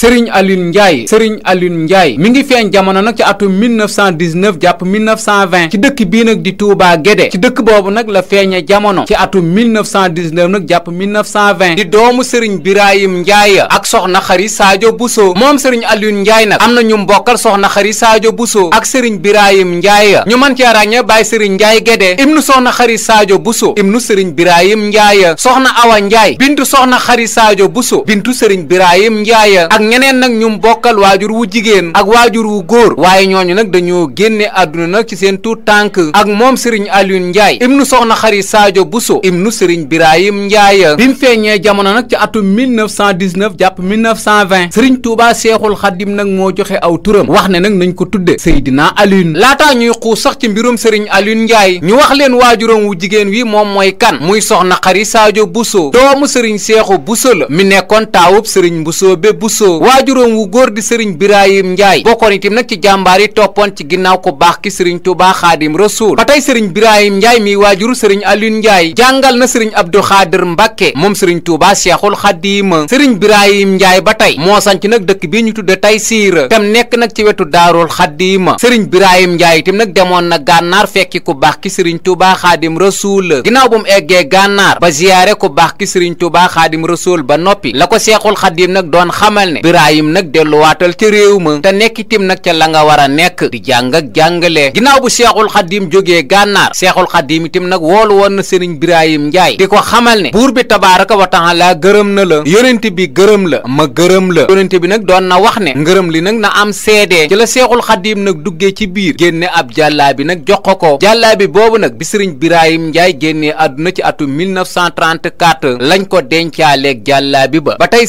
Serigne Alioune Ndiaye Serigne Alioune Ndiaye mi ngi feeñ jamono nag ci atum 1919 jàpp 1920 ci dëkk bii nag di Touba Guédé ci dëkk boobu nag la feeñe jamono ci atum 1919 nag jàpp 1920 di doomu Serigne Birahim Ndiaye ak soxna Xari bu Bousso moom Serigne Alioune Ndiaye nag am na ñu mbokkal soxna Xari bu Bousso ak sëriñ Serigne Birahim Ndiaye ñu mën cee ràññee Baye Serigne Ndiaye Guédé ibnu soxna Xari Sadio Bousso ibnu Serigne Birahim Ndiaye soxna Awa Ndiaye bintu soxna Xari saajo bu Bousso bintu Serigne Birahim Ndiaye ñeneen nag ñum bokkal waajur wu jigéen ak waajur wu góor waaye ñooñu nag dañoo génne àdduna nag ci seen tuut tànk ak moom sëriñ Alioune Ndiaye ibnu soxna xari Sadio Bousso ibnu sëriñ Birahim Ndiaye bi mu feeñee jamono nag ci atum 1919 jàpp 1920 sëriñ Touba Seexul Xadim nag moo joxe aw turam wax ne nag nañ ko tudde Seydina Alioune laata ñuy xuus sax ci mbirum sëriñ Alioune Ndiaye ñu wax leen waajuram wu jigéen wi moom mooy kan muy soxna xari saajo Bousso doomu sëriñ Seexu Bousso la mi nekkoon taawub sëriñ Bousso be boobu waajuróom wu góor di sëriñ Birahim Ndiaye bokkoon itam nag ci jàmbaar yi toppoon ci ginnaaw ku baax ki sëriñ Touba Xaadim Rasuul ba tey sëriñ Birahim Ndiaye miy waajuru sëriñ Alioune Ndiaye jàngal na sëriñ Abdou Xaadir Mbàkke moom sëriñ Touba Cheikhul Xadim sëriñ Birahim Ndiaye ba tey moo sanc nag dëkk bii ñu tey Taysiir tam nekk nag ci wetu Daarul Xadim sëriñ Birahim Ndiaye itam nag demoon na gànnaar fekki ku baax ki sëriñ Touba Xaadim Rasuul ginnaaw bu mu eggee gànnaar ba ziyaare ku baax ki sëriñ Touba Xaadim Rasuul ba noppi la ko Cheikhul Xadim nag doon xamal ne Birahim nag delluwaatal ca réew ma te nekk itam nag ca la nga war a nekk di jàng ak jàngale ginnaaw bu seexul xadim jógee gànnaar seexul xadim itam nag woolu woon na sëriñ Birahim Njaay di ko xamal ne buur bi tabaaraka wa taala gërëm na la yonent bi gërëm la ma gërëm la yonent bi nag doon na wax ne ngërëm li nag na am seede ci la seexul xadim nag duggee ci biir génne ab jàllaa bi nag jox ko ko jàllaa bi boobu nag bi sëriñ Birahim Njaay génne àdduna ci atum 1934 lañ ko dencaaleeg jàllaa bi ba ba tey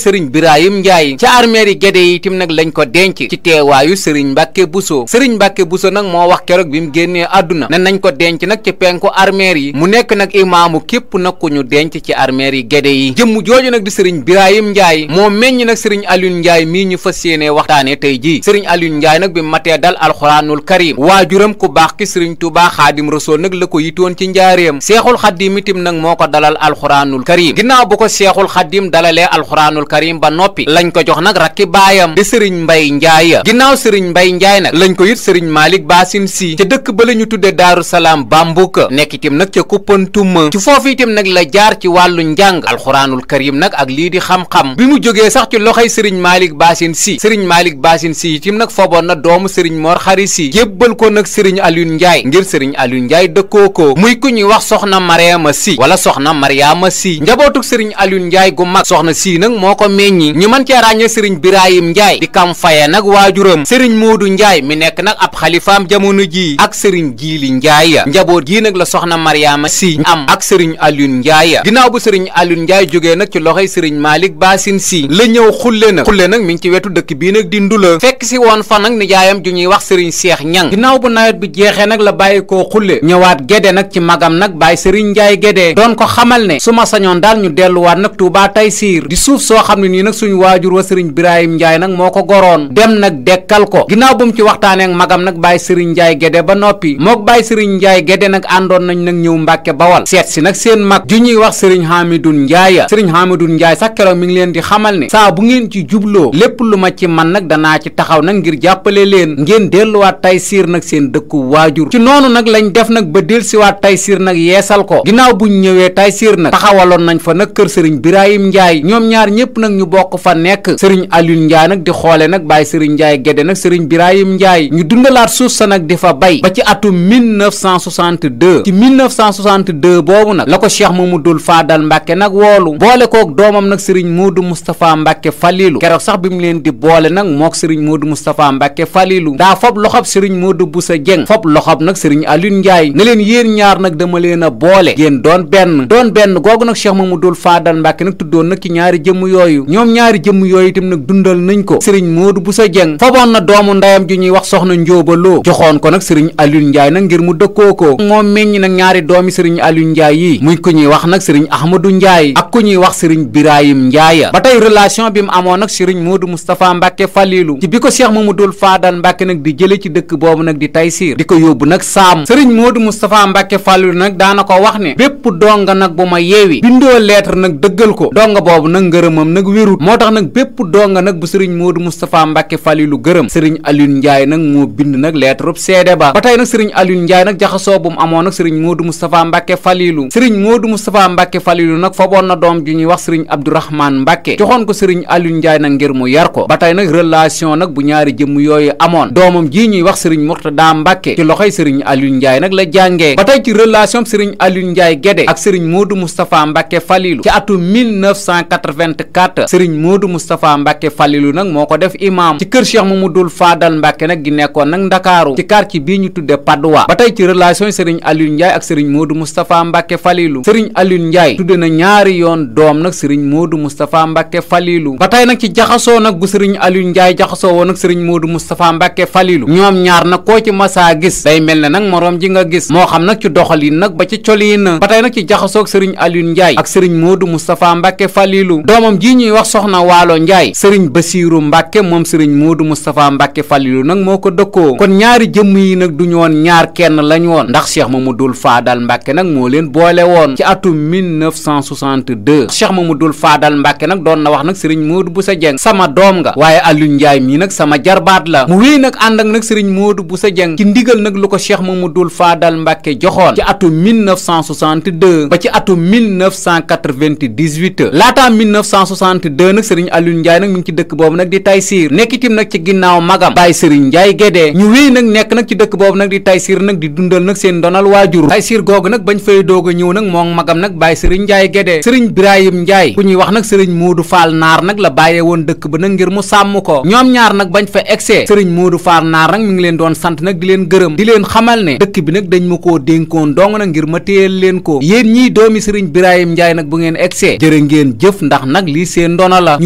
armeeri Gédé yi itam nag lañ ko denc ci teewaayu Serigne Mbacke Bousso Serigne Mbacke Bousso nag moo wax keroog bi mu génnee àdduna ne nañ ko denc nag ci penku armeer yi mu nekk nag imaamu képp nag ku ñu denc ci armeeri Gédé yi jëmm jooju nag di Serigne Birahim Ndiaye moo meññ nag sëriñ Alioune Ndiaye mii ñu fas yéenee waxtaanee tey jii Serigne Alioune Ndiaye nag bi matee dal alxuraanul karim waajuram ku baax ki Serigne Touba Xaadim Rasool nag la ko yitoon ci njaareem Seexul Xaadim itam nag moo ko dalal alxuraanul karim ginnaaw bu ba noppi lañ rakki baayam di sëriñ mbay njaay ginnaaw sëriñ mbay njaay nag lañ ko it sëriñ maalik baasin si ca dëkk ba la ñu tudde daaru salaam bambuka nekk itam nag ca kuppantum ci foofu itam nag la jaar ci wàllu njàng alxuraanul karim nag ak lii di xam-xam bi mu jógee sax ci loxoy sëriñ maalik baasin si sëriñ maalik baasin si itam nag foboon na doomu sëriñ mor xari si jébbal ko nag sëriñ alioune njaay ngir sëriñ alioune njaay dëkkoo ko muy ku ñuy wax soxna mariama si wala soxna mariama si njabootuk sëriñ alioune njaay gu mag soxna si ñu sëriñ Birahim Ndiaye di kam faye nag waajuram sëriñ Modou Ndiaye mi nekk nag ab xalifaam jamono ji ak sëriñ Jiili Ndiaye ya njaboot ji nag la soxna Mariama si am ak sëriñ Alioune Ndiaye ya ginnaaw bu sëriñ Alioune Ndiaye jógee nag ci loxoy sëriñ Malick Bassine si la ñëw xulle nag xulle nag mi ngi ci wetu dëkk bii nag di ndula fekk si woon fa nag nijaayam ju ñuy wax sëriñ seex Ñang ginnaaw bu nawet bi jeexee nag la bàyyi koo xulle ñëwaat géde nag ci magam nag bàyyi sëriñ Ndiaye gédee doon ko xamal sëriñ Birahim Ndiaye nag moo ko goroon dem nag dekkal ko ginnaaw bu mu ci waxtaanee ak magam nag bàyyi sëriñ Ndiaye Gédé ba noppi mook bàyyi sëriñ Ndiaye Gédé nag àndoon nañ nag ñëw Mbàkke seet si nag seen mag ju ñuy wax sëriñ Hamidou Ndiaye sëriñ Hamidou Ndiaye sax keroog mi ngi leen di xamal ne saa bu ngeen ci jubloo lépp lu ma ci man nag danaa ci taxaw nag ngir jàppale leen ngeen delluwaat Taysiir nag seen dëkku waajur ci noonu nag lañ def nag ba dellusiwaat Taysiir nag yeesal ko ginnaaw buñ ñëwee Taysiir nag taxawaloon nañ fa nag kër sëriñ Birahim Ndiaye ñoom ñaar ñëpp nag ñu bokk fa nekk sëriñ sëriñ Aliou Ndiaye nag di xoole nag bàyyi sëriñ Ndiaye Gédé nag sëriñ Birahim Ndiaye ñu dundalaat suuf sa nag di fa bay ba ci atum 1962 ci 1962 boobu nag la ko ma Cheikh Mamadou Fadal Mbacke nag woolu boole koog doomam nag sëriñ Modou Moustapha Mbacke Falilou keroog sax bi mu leen di boole nag mook sëriñ Modou Moustapha Mbacke Falilou daa fob loxob sëriñ Modou Boussa Dieng fob loxob nag sëriñ Aliou Ndiaye ne leen yéen ñaar nag dama leen a boole yéen doon benn doon benn googu nag Cheikh Mamadou Fadal Mbacke nag tuddoon nag ci ñaari ñaari jëmm yooyu xam nag dundal nañ ko sëriñ Modou Bousso Dieng faboon na doomu ndayam ju ñuy wax soxna Njóoba Lo joxoon ko nag sëriñ Alioune Ndiaye nag ngir mu dëkkoo ko moom meññ nag ñaari doomi sëriñ Alioune Ndiaye yi muy ku ñuy wax nag sëriñ Ahmadou Ndiaye ak ku ñuy wax sëriñ Birahim Ndiaye ba tey relation bi mu amoon nag sëriñ Modou Moustapha Mbacke Falilou ci bi ko Cheikh Mamadou Fadal Mbacke nag di jële ci dëkk boobu nag di Taysiir di ko yóbbu nag saam sëriñ Modou Moustapha Mbacke Falilou nag daana ko wax ne bépp donga nag bu ma yeewi bindoo lettre nag ko donga donga nag bu sëriñ Modou Moustapha Mbacke Falilou gërëm sëriñ Alioune Ndiaye nag moo bind nag lettre seede ba ba tey nag sëriñ Alioune Ndiaye nag jaxasoo bu mu amoon nag sëriñ Modou Moustapha Mbacke Falilou sëriñ Modou Moustapha Mbacke Falilou nag faboon na doom ju ñuy wax sëriñ Abdourahmane Mbacke joxoon ko sëriñ Alioune Ndiaye nag ngir mu yar ko ba tey nag relation nag bu ñaari jëmm yooyu la jàngee ba tey ci relation sëriñ Alioune Ndiaye ak sëriñ Modou Moustapha Mbacke Falilou ci atum sëriñ Modou Moustapha Mbàkke Fàllilu nag moo ko def imaam ci kër Cheikh Mamadou Fadal Mbàkke nag gi nekkoon nag Ndakaaru ci quartier bii ñu tudde Padoua ba tey ci relation Serigne Alioune Ndiaye ak Serigne Modou Moustapha Mbàkke Fàllilu Serigne Alioune Ndiaye na ñaari yoon doom nag Serigne Modou Moustapha Mbàkke Fàllilu ba tey nag ci jaxasoo nag koo ci masaa gis day mel ne nag moroom ji nga gis moo xam nag ci doxalin ba ci coliin ba tey nag ci jaxasoog Serigne Alioune Ndiaye ak Serigne Modou Moustapha Mbàkke Fàllilu doomam ji ñuy wax soxna Waalo Ndiaye sëriñ Basiiru Mbàkke moom sëriñ Moodu Moustapha Mbàkke Fàllilu nag moo ko dëkkoo kon ñaari jëmm yi nag duñu woon ñaar kenn lañ woon ndax mu dul Faadal Mbàkke nag moo leen boole woon ci atum 1962 mu dul Faadal Mbàkke nag doon na wax nag sëriñ bu sa Jeng sama doom nga waaye Aliou Njaay mii nag sama jarbaat la mu wéy nag ànd ak nag sëriñ Moodu Busa Jeng ci ndigal nag lu ko Cheikh Mamadul Faadal Mbàkke joxoon ci atum 1962 ba ci atum 1998 laataa 1962 nag sëriñ Aliou Njaay nag nag mi ngi ci dëkk boobu nag di Taysiir nekk itam nag ci ginnaaw magam Baye Serigne Ndiaye Gédé ñu wéy nag nekk nag ci dëkk boobu nag di Taysiir nag di dundal nag seen donal waajur Taysiir googu nag bañ fay doog a ñëw nag moom magam nag Baye Serigne Ndiaye Gédé Serigne Birahim Ndiaye ku ñuy wax nag Serigne Modou faal Naar nag la bàyyee woon dëkk ba nag ngir mu sàmm ko ñoom ñaar nag bañ fa egsee Serigne Modou Fall Naar nag mi ngi leen doon sant nag di leen gërëm di leen xamal ne dëkk bi nag dañ ma koo dénkoon dong nag ngir ma téyel leen ko yéen ñiy doomi Serigne Birahim Ndiaye nag bu ngeen egsee jërë ngeen jëf ndax nag lii seen ndono la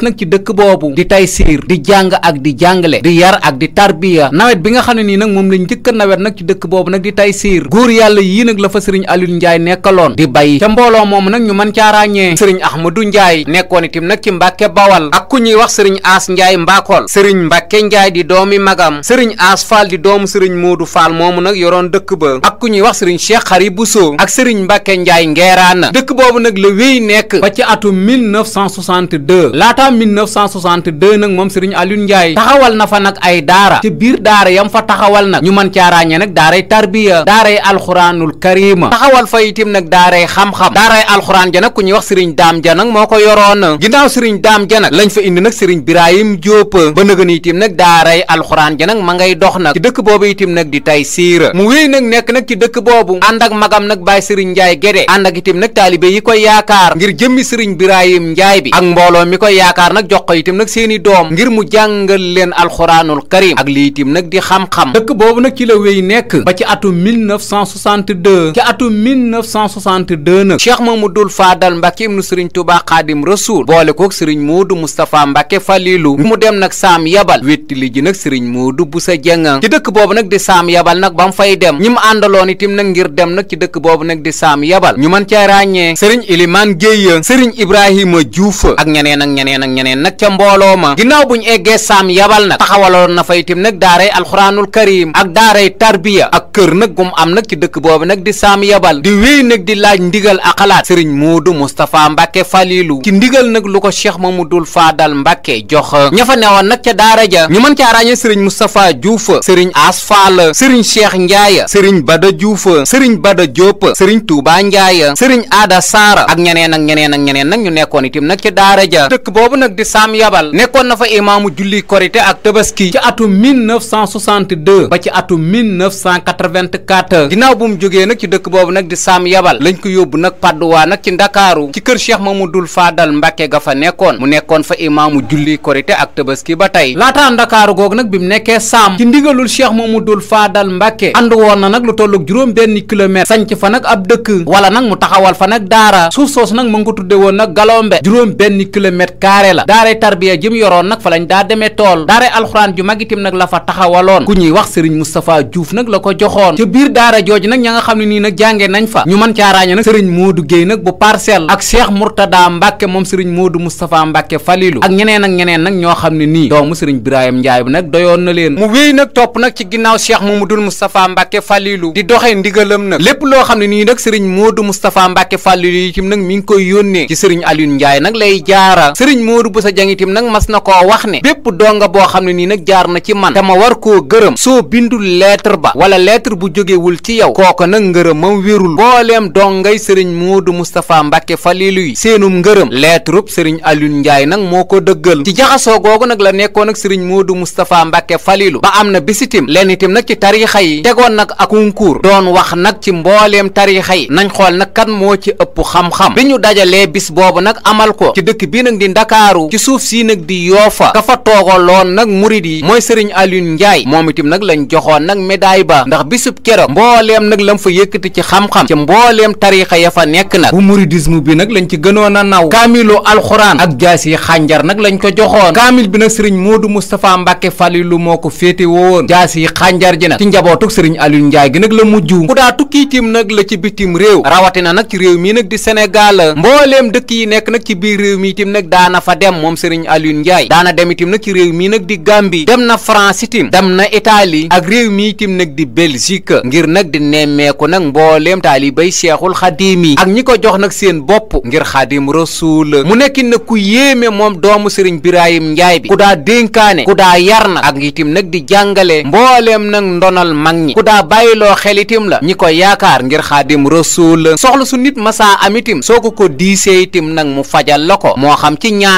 des nag ci dëkk boobu di taysiir di jàng ak di jàngale di yar ak di tarbiya nawet bi nga xam ne nii nag moom la njëkk a nawet nag ci dëkk boobu nag di taysiir góor yàlla yii nag la fa sëriñ Aliou Ndiaye nekkaloon di bay ca mbooloo moomu nag ñu mën caa ràññee sëriñ Ahmadou Ndiaye nekkoon itam nag ci Mbàkke Bawal ak ku ñuy wax sëriñ Aas njaay Mbakol sëriñ Mbàkke Ndiaye di doomi magam sëriñ Aas Fall di doomu sëriñ Modou Fall moomu nag yoroon dëkk ba ak ku ñuy wax sëriñ Cheikh Xari Bousso ak sëriñ Mbàkke Ndiaye Ngeeraana dëkk boobu nag nekk ci atum 1962 laata avant 1962 nag moom Serigne Alioune Ndiaye taxawal na fa nag ay daara ci biir daara yam fa taxawal nag ñu mën nag daaray tarbiya daaray alxuraanul karima taxawal fa itim nag daaray xam-xam daaray alxuraan ja nag ku ñuy wax Serigne Daam ja nag moo ko yoroon ginnaaw Serigne Daam ja nag lañ fa indi nag Serigne Birahim Diop ba nëgën itim nag daaray alxuraan ja nag ma ngay dox nag ci dëkk boobu itim nag di tay siira mu wéy nag nekk nag ci dëkk boobu ànd ak magam nag Baye Serigne Ndiaye Guédé ànd ak itim yaakaar nag jox ko itam nag seeni doom ngir mu jàngal leen alxuraanul karim ak lii itam nag di xam-xam dëkk boobu nag ci la wéy nekk ba ci atum 1962 ci atum 1962 nag Cheikh Mamadou Fadal Mbacke ibnu Serigne Touba Xaadim Rasoul boole koog Serigne Modou Moustapha Mbacke Falilou mu dem nag saam yabal wetti li ji nag Serigne Modou Boussa Dieng ci dëkk boobu nag di saam yabal nag ba mu fay dem ñi mu àndaloon itam nag ngir dem nag ci dëkk boobu nag di saam yabal ñu mën caa ràññee Serigne Ilimane Guèye Serigne ak ñeneen nag ca mbooloo ma ginnaaw buñu eggee saam yabal nag taxawaloon na fa itam nag daaray alxuraanul karim ak daaray tarbiya ak kër nag gum am nag ci dëkk boobu nag di saam yabal di wéy nag di laaj ndigal ak xalaat sëriñ muudu mustapha mbàkke falilu ci ndigal nag lu ko cheikh mamadul faadal mbàkke jox ña fa newoon nag ca daara ja ñu mën caa ràññee sëriñ mustapha juufa sëriñ asfaala sëriñ cheikh njaaya sëriñ bada juufa sëriñ bada jóopa sëriñ tuuba njaaya sëriñ aada saara ak ñeneen ak ñeneen ak ñeneen nag ñu nekkoon itam nag ca nag di saam yabal nekkoon na fa imaamu julli korite ak tabaski ci atum 1962 ba ci atum ginnaaw bu mu jógee nag ci dëkk boobu nag di saam yabal lañ ko yóbbu nag padduwaa nag ci ndakaaru ci kër cheikh dul faadal mbàkke ga fa nekkoon mu nekkoon fa imaamu julli korite ak tabaski ba tey laataa ndakaaru googu nag bi mu nekkee saam ci ndigalul mu dul faadal mbàkke ànd woon na nag lu tollug juróom benn kilomètre sanc fa nag ab dëkk wala nag mu taxawal fa nag daara suuf loolee la daaray tarbiya jëm yoroon nag fa lañ daa demee tool daaray alxuraan ju mag itam nag la fa taxawaloon ku ñuy wax sëriñ Moustapha Diouf nag la ko joxoon ca biir daara jooju nag ña nga xam ne nii nag jànge nañ fa ñu mën caa ràññe nag sëriñ Modou Guèye nag bu parcelle ak Cheikh Mourtada Mbacke moom sëriñ Modou Moustapha Mbacke Falilou ak ñeneen ak ñeneen nag ñoo xam ne nii doomu sëriñ Birahim Ndiaye bi nag doyoon na leen mu wéy nag topp nag ci ginnaaw Cheikh Mamadou Moustapha Mbacke Falilou di doxee ndigalam nag lépp loo xam ne nii nag sëriñ Modou Moustapha Mbacke Falilou itam nag mi ngi koy yónnee ci sëriñ Aliou Ndiaye nag lay jaara sëriñ Modou Bousso Dieng itam nag boo xam ne nii nag jaar na ci man dama koo gërëm soo bindul lettre ba wala lettre bu jógewul ci yow kooka nag ngërëmam wérul mbooleem dongay sëriñ Modou Moustapha Mbacke Falilou yi seenum ngërëm lettre sëriñ Alioune Ndiaye nag moo ko dëggal ci jaxasoo googu nag la nekkoon ak sëriñ Modou Moustapha Mbacke Falilou ba am na bis itam lenn itam nag ci tariixa yi tegoon nag ak concours doon wax nag ci mbooleem tariixa yi nañ xool nag kan moo ci ëpp xam-xam bi ñu dajalee bis boobu nag amal ko ci dëkk bii nag di Ndakaar ndakaaru ci suuf sii nag di yoofa ka fa toogaloon nag murit yi mooy sëriñ Alioune Ndiaye moom itam nag lañ joxoon nag médaille ba ndax bisub keroog mbooleem nag lam fa yëkkati ci xam-xam ci mbooleem tariixa ya fa nekk nag bu muridisme bi nag lañ ci gënoon a naw kaamilu alxuraan ak jaas yi xànjar nag lañ ko joxoon kaamil bi nag sëriñ Moodu Moustapha Mbàkke Falilu moo ko féete woon jaas yi xànjar ji nag ci njabootuk sëriñ Alioune Ndiaye gi nag la mujj ku daa tukki itam nag la ci bitim réew rawatina nag ci réew mii nag di Sénégal mbooleem dëkk yi nekk mi fa dem moom Serigne Alioune Ndiaye daana dem itam nag ci réew mii nag di Gambie dem na France itim dem na Italie ak réew mii itim di Belgique ngir nag di nemmeeku nag mbooleem taalibay Seexul Xadiim ak ñi ko jox nag seen bopp ngir Xaadimu Rasuul mu nekkin na ku yéeme moom doomu Serigne Birahim Ndiaye bi ku daa dénkaane ku daa yar na ak itim nag di jàngale mbooleem nag ndonal mag ñi ku daa bàyyiloo xel itim la ñi ko yaakaar ngir Xaadimu Rasuul soxla su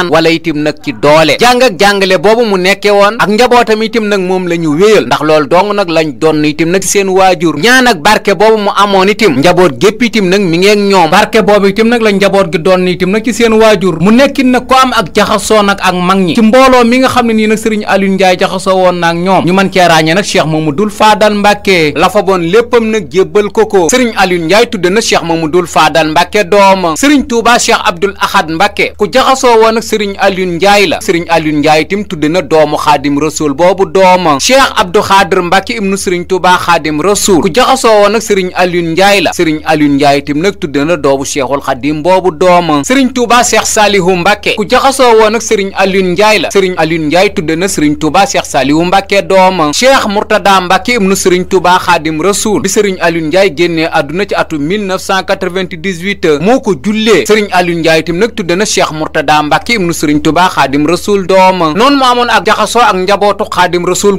ñaan wala itim nag ci doole jàng ak jàngale boobu mu nekke woon ak njabootam itim nag moom la ñu wéyal ndax loolu dong nag lañ doon itim nag seen waajur ñaan ak barke boobu mu amoon itim njaboot gépp itim nag mi ngi ak ñoom barke boobu itim nag la njaboot gi doon itim nag ci seen waajur mu nekkin nag ko am ak jaxasoo nag ak mag ñi ci mbooloo mi nga xam ne nii nag sëriñ Alioune Ndiaye jaxasoo woon nag ñoom ñu mën cee ràññee nag Cheikh Mamadou Fadal Mbacke la fa boon léppam nag jébbal ko ko sëriñ Alioune Ndiaye tudde na Cheikh Mamadou Fadal Mbacke dooma sëriñ Touba Cheikh Abdoul Ahad Mbacke ku jaxasoo Serigne Alioune Ndiaye la Serigne Alioune Ndiaye tim tudde na doomu xaadim rasul boobu dooma Cheikh Abdou Khadir Mbacke ibnu Serigne Touba xaadim rasul ku jaxasoo woon nag Serigne Alioune Ndiaye la Serigne Alioune Ndiaye tim nag tudde na doomu Cheikhul Xaadim boobu dooma Serigne Touba Cheikh Salihu Mbacke ku jaxasoo woon nag Serigne Alioune Ndiaye la Serigne Alioune Ndiaye tudde na Serigne Touba Cheikh Salihu Mbacke dooma Cheikh Mourtada Mbacke ibnu Serigne Touba xaadim rasul bi Serigne Alioune Ndiaye génnee àdduna ci atum 1998 moo ko jullee Serigne Alioune Ndiaye tim nag tudde na Cheikh Mourtada Mbacke ibnu sëriñ tubaa xaadim rasul dooma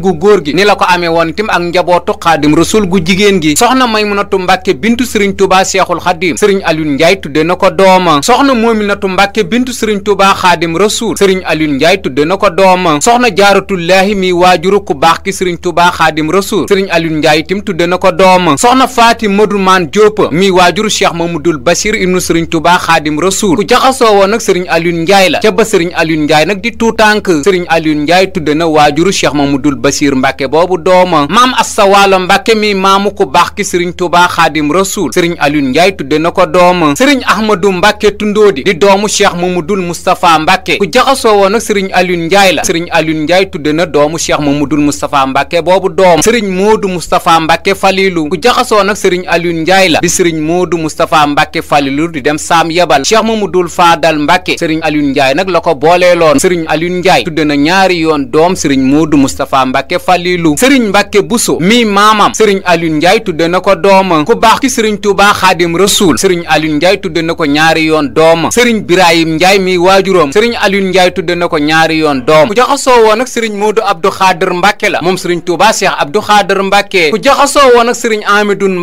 gu góor gi ni la ko amee woon tim ak njabootu xaadim rasul gu jigéen gi soxna maymunatu mbàkke bintu sëriñ tubaa seexul xaadim sëriñ alioune njaay tudde na ko dooma soxna moominatu mbàkke bintu sëriñ tubaa xaadim rasul sëriñ alioune njaay tudde na ko dooma soxna jaaratullaahi mi waajuru ku baax ki sëriñ tubaa xaadim rasul sëriñ alioune njaay tim tudde na ko dooma soxna faati madumaan jóopa mi waajuru cheikh mamadul basir ibnu sëriñ tubaa xaadim rasul ku jaxasoo woon nag sëriñ alioune njaay la ba sëriñ Alioune Ndiaye nag di tuutànk sëriñ Alioune Ndiaye tudde na waajuru Cheikh Mamadul Basiir mbake boobu dooma maam Asta Waalo Mbàkke mi maamu ku baax ki sëriñ Tuubaa Xaadim Rasuul sëriñ Alioune Ndiaye tudde na ko dooma sëriñ Ahmadu Mbàkke Tundoodi di doomu Cheikh Mamadul Moustapha Mbàkke ku jaxasoo woon nag sëriñ Alioune Ndiaye la sëriñ Alioune Ndiaye tudde na doomu Cheikh Mamadul Moustapha mbake boobu doom sëriñ Moodu Moustapha Mbàkke Falilu ku jaxasoo nag sëriñ Alioune Ndiaye la bi sëriñ Moodu Moustapha Mbàkke Falilu di dem Saam Yabal Cheikh Mamadul Faadal Mbàkke sëriñ Alioune nag la ko booleeloon sëriñ Alioune Ndiaye tudde na ñaari yoon doom sëriñ Modou Moustapha Mbacke Falilou sëriñ Mbacke Bousso mi maamam sëriñ Alioune Ndiaye tudde na ko dooma ku baax ki sëriñ Touba Xaadim Rasoul sëriñ Alioune Ndiaye tudde na ko ñaari yoon dooma sëriñ Birahim Ndiaye mi waajuróom sëriñ Alioune Ndiaye tudde na ko ñaari yoon doom ku jaxasoo woon ak sëriñ Modou Abdou Khader Mbacke la moom sëriñ Touba Cheikh Abdou Khader Mbacke ku jaxasoo woon sëriñ Amidoun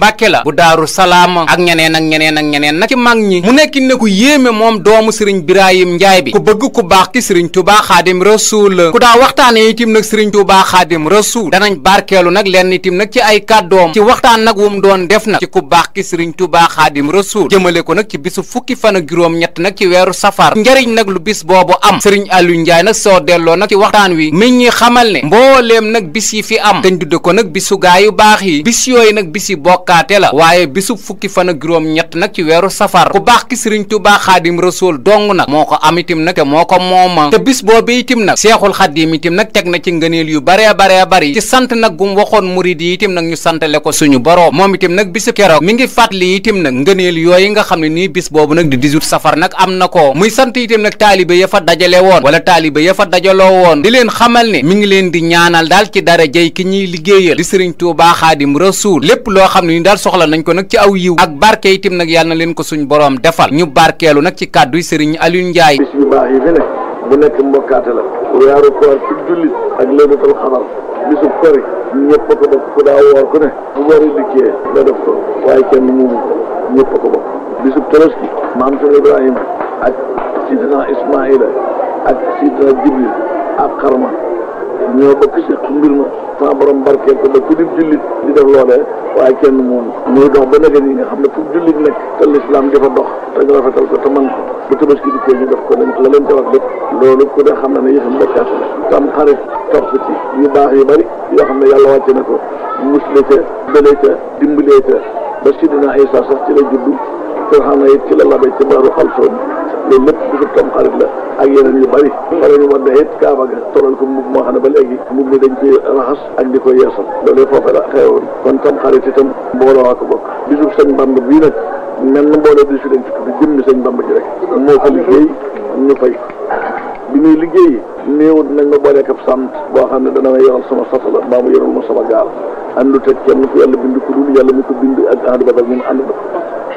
bëgg ku baax ki sëriñ tubaa xaadim rasuul ku daa waxtaane itim nag sëriñ tubaa xaadim rasuul danañ barkeelu nag lenn itim nag ci ay kàddoom ci waxtaan nag wum doon def nag ci ku baax ki sëriñ tubaa xaadim rasuul jëmale ko nag ci bisu fukki fan juróom-ñett nag ci weeru safar njariñ nag lu bis boobu am sëriñ Aliou Ndiaye nag soo delloo nag ci waxtaan wi mi ñi xamal ne mbooleem nag bis yi fi am dañ dudde ko nag bisu gaa yu baax yi bis yooyu nag bis yi bokkaate la waaye bisu fukki fan juróom-ñett nag ci weeru safar ku baax ki sëriñ tubaa xaadim te moo ko mooma te bis boobu itim nag seexul xaddiim itim nag teg na ci ngëneel yu bare bare bari ci sant nag gum waxoon murid yi itim nag ñu santale ko suñu boroom moom itim nag bisu keroog mi ngi fàttali itim nag ngëneel yooyu nga xam ne nii bis boobu nag di 18 safar nag am na ko muy sant itim nag taalibe ya fa dajale woon wala taalibe ya fa dajaloo woon di leen xamal ne mi ngi leen di ñaanal daal ci dara jëy ki ñuy liggéeyal di sëriñ Tuubaa Xaadim Rasuul lépp loo xam ne daal soxla nañ ko nag ci aw yiw ak barke itim nag yàlla na leen ko suñu boroom defal ñu barkeelu nag ci kàdduy sëriñ Aliou Ndiaye arrivé nag mu nekk mbokkaate la weeru koor ci jullit ak laylatul xadar bisu kori ñëpp a ko bokk ku daa woor ku ne bu woori dikkee nga def ko waaye kenn moomu ko ñëpp a ko bokk bisu tabaski maam sëñ Ibrahima ak sidina Ismaïla ak sidina Jibril ak xarma ñoo ko fi seq mbir ma sama borom barkeel ko ba ku di jullit di def loolee waaye kenn moom muy dox ba nekk nii nga xam ne fu jullit nekk te lislaam dafa dox te nga rafetal ko te man ko bu tabaski dikkee ñu def ko dañ la leen ko wax lépp loolu ku ne xam na ne yëfam bakkaat tam xarit topp ci yu baax yu bëri yoo xam ne yàlla wàcce na ko musle ca bële ca dimbalee ca ba sidina Isaa sax ci la juddu te xam ne it ci la ba ci baaru xalsoon loolu lépp bisu tam xarit la ak yeneen yu bëri pare ñu war na kaaba ga tolal ko mbubb moo xam ne ba léegi mbubb mi dañ koy raxas ak di ko yeesal loolu foofu la xewoon kon tam xarit itam mbooloo ko bokk bisu sëñ Bamba bii nag mel mbooloo di si dañ ci tudd jëmmi sëñ Bamba ji rek moo ko liggéey ñu fay bi ñuy liggéey néewut nañ ma booleek ab sant boo xam ne dana ma yoral sama satala mbaa mu yoral ma sama gaal àndu teg kenn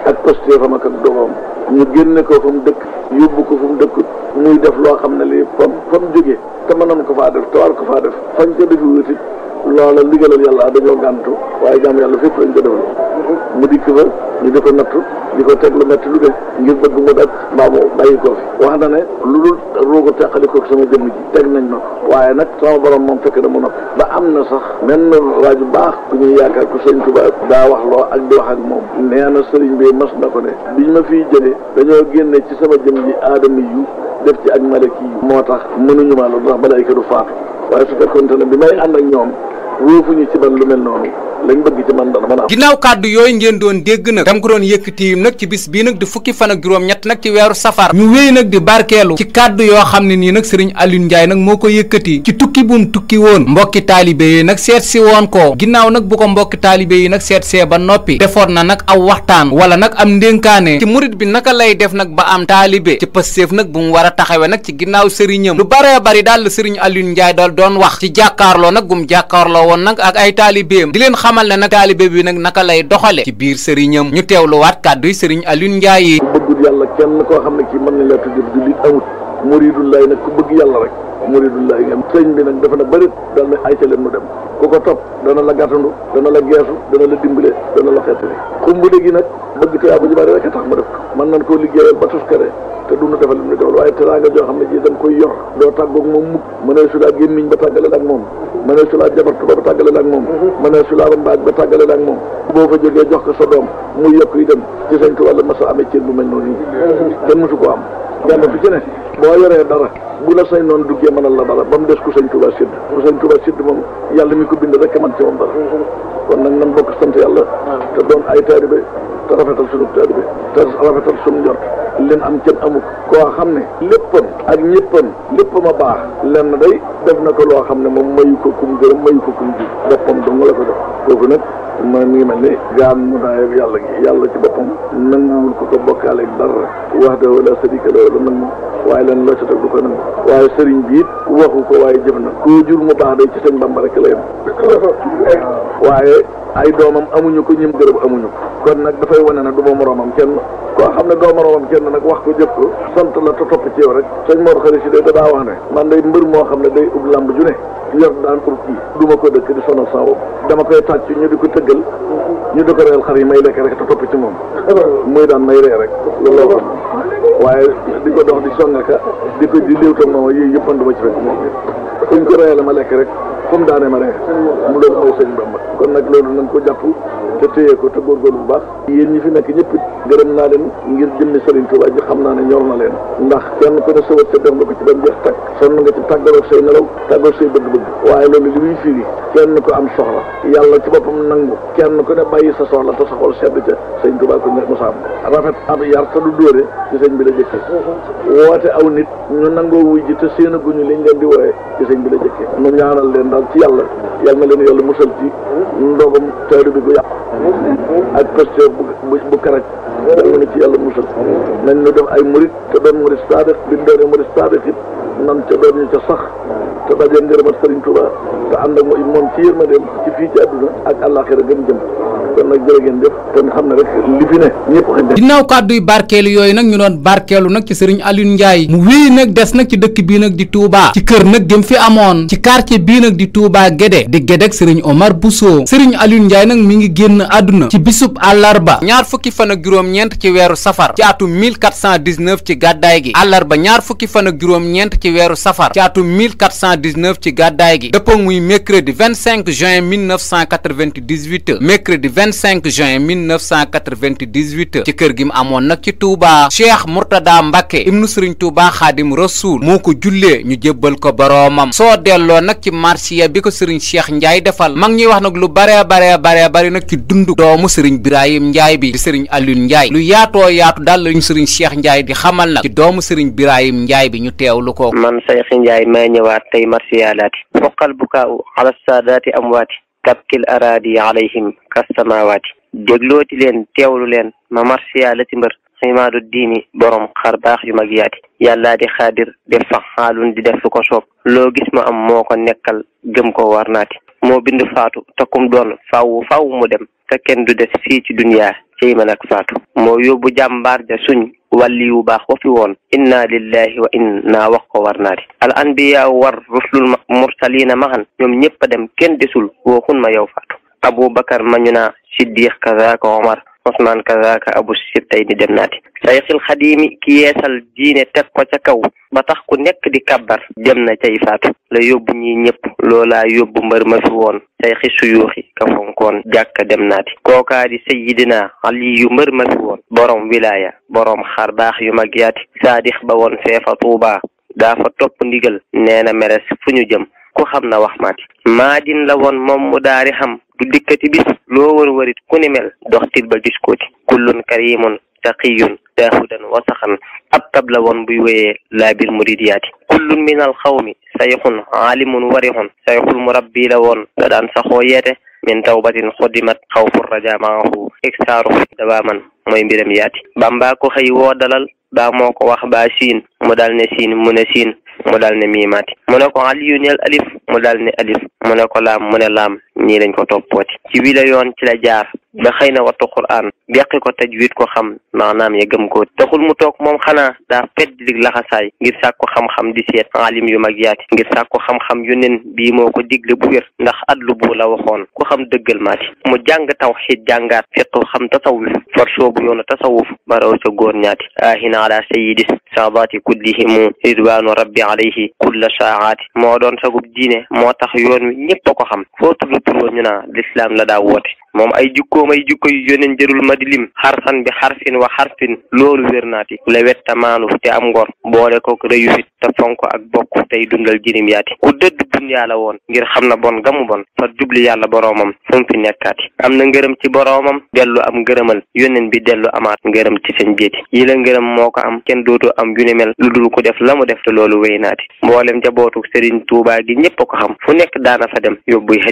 ak postéefam ak ak doomam ñu génne ko fa mu dëkk yóbbu ko fa mu dëkk muy def loo xam ne lii fam fa mu jógee te mënoon ko faa def te war ko faa def fañ ko defi wutit loola ndigalal yàlla dañoo gàntu waaye jàmm yàlla fépp lañ ko defal mu dikk fa ñu di ko nattu di ko teg lu métti lu def ngir bëgg mu def mbaa mu bàyyi ko fi wax na ne lu dul roogu teqali ko sama jëmm ji teg nañ ma waaye nag sama borom moom fekk na mu nopp ba am na sax menn rajo baax ku ñuy yaakaar ku sëñ Tuubaa daa wax loo ak di wax ak moom nee na sëriñ bi mas na ko ne ñu ma fiy jëlee dañoo génne ci sama jëmm ji aadama yu def ci ak malaki yu moo tax mënuñu ma loolu ndax malayka du faatu waaye su fekkoon ne bi may am na ñoom ruufuñu ci ban lu mel noonu lañ bëgg ci ginnaaw kàddu yooyu ngeen doon dégg nag dam ko doon yëkkati nag ci bis bii nag di fukki fan ak juróom ñett nag ci weeru safar ñu wéy nag di barkeelu ci kàddu yoo xam ne nii nag sëriñ Alioune Ndiaye nag moo ko yëkkati ci tukki bum tukki woon mbokki taalibe yi nag seet si woon ko ginnaaw nag bu ko mbokki taalibe yi nag seet see ba noppi defoon na nag aw waxtaan wala nag am ndénkaane ci murit bi naka lay def nag ba am taalibe ci pëstéef nag bu mu war a taxawe nag ci ginnaaw sëriñam lu bare bari sëriñ Alioune Ndiaye daal doon wax ci jàkkaarloo xamal na nag taalibe bi nag naka lay doxale ci biir sëriñam ñu teew teewluwaat kàdduy sëriñ Alioune Ndiaye yi bëggul yàlla kenn koo xam ne kii mën na la tudd jullit amut muridul lay nag ku bëgg yàlla rek muridullahi ngeen sëñ bi nag dafa na bërit dal na ay ca leen mu dem ku ko topp dana la gàttandu dana la geesu dana la dimbale dana la xeetali xumbule gi nag bëgg tuyaa bu ji bëri a tax mu def mën nan koo liggéeyal ba tuskare te dunu defal lu ñu defal waaye teraanga joo xam ne ji dañ koy yor doo tàggoog moom mukk mën a sulaa gémmiñ ba tàggaleel ak moom mën a sulaa ba tàggaleel ak moom ba mbaaj ba tàggaleel ak moom boo fa jógee jox ko sa doom muy yokk yi dem ci sañ ko wàllu masa amee cër bu mel noonu yi kenn mësu ko am benn bu ci ne boo yoree dara bu la say noonu duggee mënal la dara ba mu des ku sëñ Tuubaa sidd ku sëñ Tuubaa moom yàlla mi ko bind rek man ci moom dara kon nag nan bokk sant yàlla te doon ay taalibe te rafetal sunu taalibe te rafetal sunu njort leen am kenn amu koo xam ne léppam ak ñëppam léppam ma baax lenn day def na ko loo xam ne moom mayu ko kum gërëm mayu ko kum ji boppam dong la ko def kooku nag man mi ngi mel ni gaam mu naayog yàlla gi yàlla ci boppam nanguwul ko ko bokkaale dara wax dëgg wala sadiqa loolu nangu waaye lan loo ca teg du ko nangu waaye sëriñ bi it waxu ko waaye jëf na koo jur mu baax day ci sëñ Bamba rek la yem waaye ay doomam amuñu ko ñim gërëm amuñu ko kon nag dafay wane ne du ma moroomam kenn koo xam ne doo moroomam kenn nag wax ko jëf ko sant la te ci yow rek sëñ Mor Khari si de dadaa wax ne moo xam ne day ub lamb ju ne yor daan du ma ko dëkk di sonal sa bopp dama koy ñu di ko tëggal yi may lekk rek te topp ci moom muy daan may ree rek looloo xam waaye di ko dox di songaka di ko di liw ta moom yii yëppanduma ci fekk moom kuñ ko reele ma lekk rek fu mu daane ma kon nag loolu nañ ko jàpp te téye ko te góorgóorlu bu baax yéen ñi fi nekk ñëpp gërëm naa leen ngir jëmmi Serigne Touba ji xam naa ne ñor na leen ndax kenn ku ne sawat sa def nga ko ci ba mu jeex tàkk sonn nga ci tàggaloo say nelaw tàggaloo say bëgg-bëgg waaye loolu li muy firi kenn ko am soxla yàlla ci boppam nangu kenn ku ne bàyyi sa soxla te sa xol sedd ca sëñ Touba ko neex mosaam rafet ab yar sa du dóore ci sëñ bi la jëkkee woote aw nit ñu nangoo wuy ji la jëkkee ñu ñaanal leen daal ñaanal ci yàlla yàlla na leen yàlla musal ci ndogam teeru bi bu yàqu ak pëste bu bu karaj yàlla na ci yàlla musal nañ ñu def ay murit te doon murit saadiq bi ñu doonee murit saadiq it nan ca doon ñu ca sax te dajee ngërëmat Sëriñ Tuubaa te ànd ak moom ci yërmandeem ci fii ci àdduna ak àllaaxira gën jëm kon nag jërë ngeen def kon xam ne rek li fi ne ñëpp xaj na ginnaaw kàdduy barkeelu yooyu nag ñu doon barkeelu nag ci sëriñ Alioune Ndiaye mu wéy nag des nag ci dëkk bii nag di Touba ci kër nag gëm fi amoon ci quartier bii nag Touba Guédé di Guédek Serigne Omar Bousso Serigne Alioune nag mi ngi génn àdduna ci bisub àllarba ñaar fukki fan ak juróom-ñeent ci weeru safar ci atum 1419 ci gàddaay gi àllarba ñaar fukki fan ak ñeent ci weeru safar ci atum 1419 ci gàddaay gi dëppoo muy mercredi 25 juin 1998 mercredi 25 juin 1998 ci kër gi mu amoon nag ci Touba Cheikh Mourtada Mbacke ibnu Serigne Touba Xaadim Rasoul moo ko jullee ñu jébbal ko boroomam soo delloo nag ci marché tawsiya bi ko sëriñ Cheikh Ndiaye defal mag ñuy wax nag lu bare bare bare bare nag ci dund doomu sëriñ Birahim Ndiaye bi di sëriñ Alioune Ndiaye lu yaatoo yaatu daal lañu sëriñ Cheikh Ndiaye di xamal nag ci doomu sëriñ Birahim Ndiaye bi ñu teewlu ko man Cheikh Ndiaye maa ñëwaat tey marsiyaalaati foqal bukaa'u ala saadaati amwaati tabkil araadi alayhim kassamaawaati déglooti leen teewlu leen ma marsiyaalaati mbër imaadu diini borom xar baax yu mag yaati yàllaa di xaadir di faxaalun di def lu ko soob loo gis ma am moo ko nekkal gëm ko war naati moo bind faatu takkum doon faw faw mu dem ta kenn du des fii ci duniyaa cey ma ak faatu moo yobu jàmbaar ja suñ wàlli wu baax wa fi woon inna lillahi wa inna wax ko war naati al anbiya war ruslul mursalina maxan ñoom ñëpp a dem kenn desul woo xun ma yow faatu abubakar mañu naa siddiq kazaaka omar osman kazaka abu sibtay di dem naati sayxil xadimi ki yeesal diine teg ko ca kaw ba tax ku nekk di kabbar dem na cay faatu la yóbbu ñi ñëpp loolaa yóbbu mbër ma fi woon sayxi suyuuxi ka fonkoon jàkka dem naati kookaa di sayidina ali yu mbër ma fi woon borom wilaya borom xar baax yu mag yaati saadix ba woon feefa tuubaa daa fa topp ndigal nee na meres fu ñu jëm ku xam na wax maati maadin la woon moom mu daari xam du dikkati bis loo wër wërit ku ni mel dox tit ba gis kooti kullun karimun taqiyun daahudan wasaxan ab tab la woon buy wéyee laa bil muridiyaati kullun min al xawmi sayxun aalimun warixun sayxul murabbi la woon da daan saxoo yeete min tawbatin xodimat xawfu raja maahu extaaru dawaaman mooy mbiram yaati bamba ko xëy woo dalal baa moo ko wax baa mu dal ne mu ne mu daal ne miimaati mu ne ko aliyun alif mu daal ne alif mu ne ko laam mu ne laam ñii dañ ko toppooti ci wi la yoon ci la jaar ba xëy na wattu quraan beqi ko tajwid ko xam maanaam ya gëm ko taxul mu toog moom xanaa daa fedd dig laxasaay ngir sàkku xam-xam di seet alim yu mag yaati ngir sàkku xam-xam yu nen bii moo ko digle bu wér ndax adlu bu la waxoon ku xam dëggal maati mu jàng tawxiid jàngaat fiqu xam tasawuf farsoo bu yoonu tasawuf baraw sa góor ñaati ahina ala sayidis saadaati kullihimu ridwaanu rabbi alayhi kulla saaati moo doon sagub diine moo tax yoon wi ñëpp a ko xam foo tudd démb ñu naa l'islam la daa woote moom ay jukkoom ay jukko yu yoneen jërul ma di lim xarfan bi xarfin wa xarfin loolu wér naati ku le wetta maanu te am ngor boole kook rëyu fit te fonk ak bokk tey dundal jirim yaati ku dëdd duniyaa la woon ngir xam na bon gamu bon fa jubli yàlla boroomam fu mu fi nekkaati am na ngërëm ci boroomam dellu am ngërëmal yoneen bi dellu amaat ngërëm ci seen jéeti yi la ngërëm moo ko am kenn dootu am ju lu dul ko def la mu def te loolu wéy naati mboolem jabootu Sëriñ Tuubaa gi ñépp ko xam fu nekk daana fa dem yóbbuy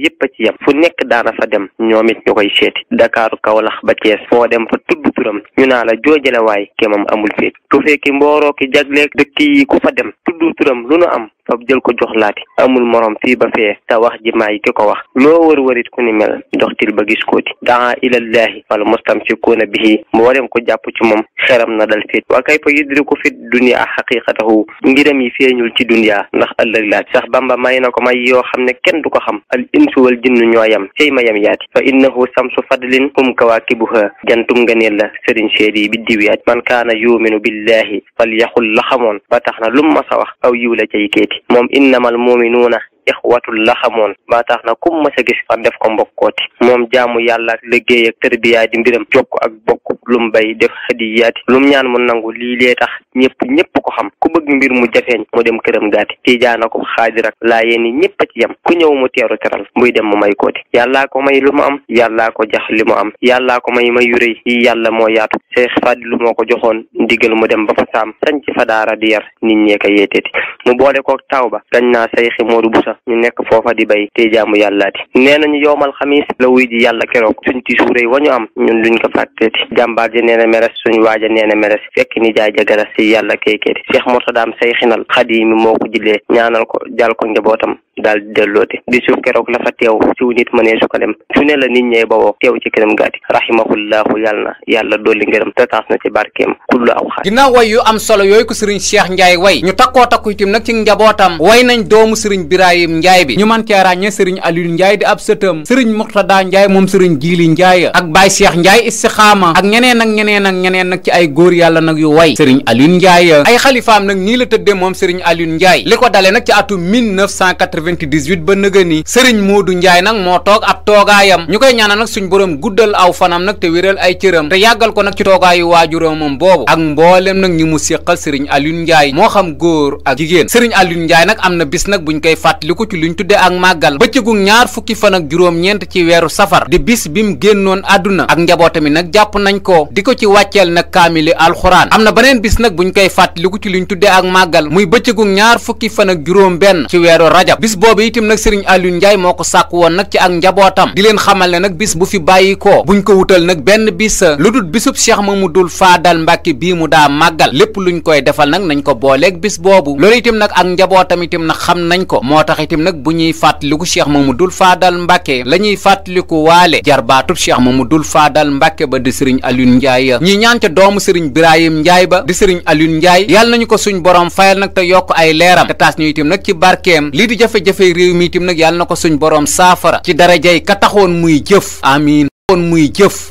yëpp a ci yem fu nekk daana fa dem ñoom it ñu koy seeti Dakar Kaolack ba Thiès foo dem fa tudd turam ñu naa la joojale waay ke moom amul féet ku fekki mbooroo ki jagleeg dëkk yi ku fa dem tudd turam lu nu am fa jël ko jox laati amul morom fii ba fee te wax ji maay ki ko wax loo wër wërit ku ni mel doxtil ba gis kooti daa ilallahi wala mustamsikuuna bihi mboolem ko jàpp ci moom xeram na dal féet wa kayfa yudriku fi ci dunya ndax ëllëg laaj sax bamba may na ko may yoo xam ne kenn du ko insu wal jinnu ñoo yam cey ma yam yaati fa innahu samsu fadlin hum kawaakibuha jantum ngëneel la sëriñ seed yi biddiw yaati man kaana yuminu billahi fal yaxul la xamoon ba tax na lum ma sa wax aw yiw la cay kéeti moom innamal muminuuna ixwatul la xamoon ba tax na kum mës a gis far def ko mbokkooti moom jaamu yàlla ak liggéey ak tërbiyaa di mbiram jokk ak bokk lum bay def yaat lum ñaan mu nangu lii tax ñëpp ñëpp ko xam ku bëgg mbir mu jafeeñ mu dem këram gaati tiijaana ko xaadir ak laa yéen ñëpp a ci yem ku ñëw mu teeru teral muy dem mu may kooti yàllaa ko may lu mu am yàllaa ko jax li mu am yàllaa ko may may yu rëy yàlla moo yaatu Cheikh Fadilou moo ko joxoon ndigal mu dem ba fa saam sañ ci fa daara di yar nit ñee ko yeeteeti mu boole ko taw ba gañ naa sayxi Moodu Busa ñu nekk foofa di bay te jaamu yàllaati nee nañu yowmal xamis la wuy ji yàlla keroog suñ ti suuréy wañu am ñun luñ ko fàtteeti jàmbaar ji nee na meres suñ waaja nee na meres fekk ni jaay jagara si yàlla kéekéeti Cheikh Mortadaam sayxinal xadiimi moo ko jillee ñaanal ko jal ko njabootam daal di delloote bisu keroog la fa teew siw nit mënee su ko dem su ne la nit ñee bawoo teew ci këram gaati rahimahullahu yàlla na yàlla dolli yërëm te taas na ci barkeem kullu aw yooyu ko sëriñ Cheikh Ndiaye way ñu takkoo takku itam nag ci njabootam way nañ doomu sëriñ Birahim Ndiaye bi ñu man cee ràññee sëriñ Aliou Ndiaye di ab sëtam sëriñ Muxtada Ndiaye moom sëriñ Jili Ndiaye ak Baye Cheikh Ndiaye istixaama ak ñeneen ak ñeneen ak ñeneen nag ci ay góor yàlla nag yu way sëriñ Aliou Ndiaye ay xalifaam nag nii la tëddee moom sëriñ Aliou Ndiaye li ko dalee nag ci atum 1998 ba nëgëni sëriñ Modou Ndiaye nag moo toog ab toogaayam ñu koy ñaanal nag suñ borom guddal aw fanam nag te wéral ay cëram te yàggal ko nag ci waa waajuram moom boobu ak mboolem nag ñi mu séqal sëriñ Alioune Ndiaye moo xam góor ak jigéen sëriñ Alioune Ndiaye nag am na bis nag buñ koy fàttaliku ci luñ tuddee ak màggal ñaar fukki fan ak juróom-ñeent ci weeru safar di bis bi mu génnoon àdduna ak njabootami nag jàpp nañ ko di ko ci wàcceel nag kaamili alxuraan am na beneen bis nag buñ koy fàttaliku ci luñ tuddee ak màggal muy bëccëgu ñaar fukki fan ak juróom-benn ci weeru rajab bis boobu itam nag sëriñ Alioune Ndiaye moo ko sàkk woon nag ci ak njabootam di leen xamal ne nag bis bu fi bàyyi ko ñu ko wutal nag benn bis lu dul bisub Cheikh ma Cheikh Mamadou Fadal Mbacke bii mu daa màggal lépp luñ koy defal nag nañ ko booleek bis boobu loolu itam nag ak njabootam itam nag xam nañ ko moo tax itam nag bu ñuy fàttaliku Cheikh Mamadou Fadal Mbacke la ñuy fàttaliku waale jarbaatub Cheikh Mamadou Fadal Mbacke ba di Serigne Alioune Ndiaye ñi ñaan ca doomu Serigne Birahim Ndiaye ba di Serigne Alioune Ndiaye yàlla nañu ko suñ boroom fayal nag te yokk ay leeram te taas ñu itam nag ci barkeem li di jafe-jafe réew mi itam nag yàlla na ko suñ borom saafara ci darajay ka taxoon muy muy jëf